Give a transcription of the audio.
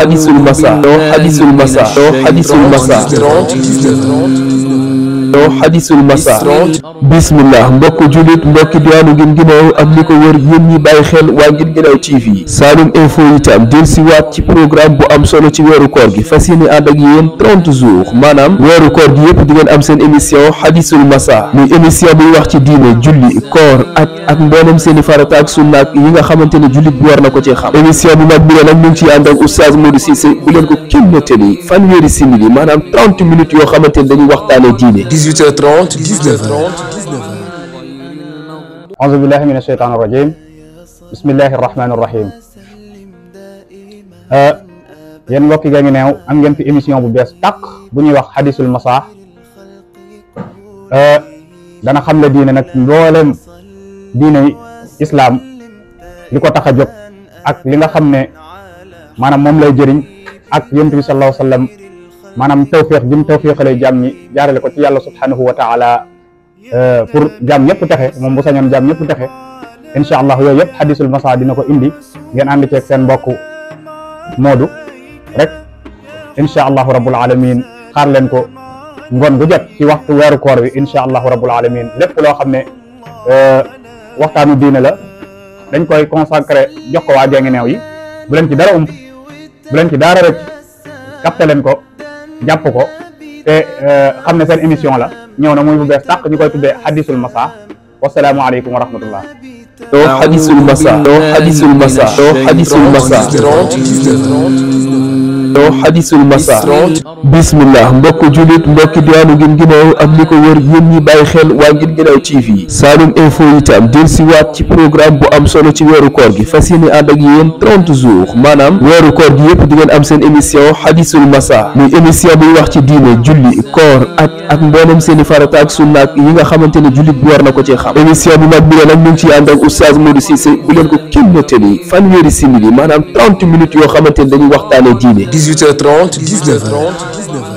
حديث المساء حديث المساء حديث المساء xadisul masa bismillah mbokk jullit mbokki diwaanu ngin ginaaw ak li ko wër yéen ñi bàyyi xel waa ngin ginaaw TV Saloum Info itam del si waat ci programme bu am solo ci weeru koor gi fas yéene ànd ak yéen trente jours maanaam weeru koor gi yëpp di ngeen am seen émission xadisul massa muy émission buy wax ci diine julli koor ak ak mboolem seeni farata ak sunna ak yi nga xamante ne jullit bi war na ko ci xam émission bu mag bi ne nag ñu ngi ànd ak oustaz Modou Cissé bu leen ko kenn yoo xamante ne dañuy waxtaane diine 18h30 19h. auzu billahi mina sheytaani a bismillahi rahmaani rahim. Euh, yéen mbokki ga ngi neew am ngeen fi émission bu bees tàq bu ñuy wax xadisul masaax euh, dana xam le diine nag mboolem diine islaam li ko tax a jóg ak li nga xam ne maanaam moom lay jëriñ ak yonent bi sallallahu alayhi maanaam tawféex jëm tawféexalee jàmm ñi jaarale ko ci yàlla subhanahu wa taala euh, pour jàmm ñëpp texe moom bu sañoon jàmm ñëpp texe incha allah yooyu yëpp hadisul masa dina ko indi ngeen ànd ceeg seen mbokk Modou rek incha allahu rabbul alamin xaar leen ko ngoon gu jot ci waxtu weeru koor wi incha allahu rabbul alamin lépp loo xam ne euh, waxtaanu diine la dañ koy consacré jox ko waa Jenge Neew yi bu leen ci dara um bu leen ci dara rek capté leen ko jàpp ko te euh, xam ne seen émission la ñëw na muy bu bees tàq ñu koy tuddee hadisul masa wasalaamu aleykum wa rahmatullah doo hadisul masa doo hadisul masa doo hadisul loo xadisul masa bismillah mbokk julit mbokki diwaanu ngin ginaaw ak li ko wër yéen ñi bàyyi xel waa ngin ginaaw TV Saloum Info itam del si waat ci programme bu am solo ci weeru koor gi fas yéene ànd ak yéen 30 jours maanaam weeru koor gi yëpp di ngeen am seen émission xadisul masa muy émission buy wax ci diine julli koor ak ak mboolem seen i farata ak sunna ak yi nga xamante ne jullit bi war na ko ci xam émission bu mag bi ne nag ñu ngi ciy ànd ak oustaz Modou Cissé bu leen ko kenn nettali maanaam 30 minutes yoo xamante ne dañuy waxtaane diine 18h30, 19h. 19h.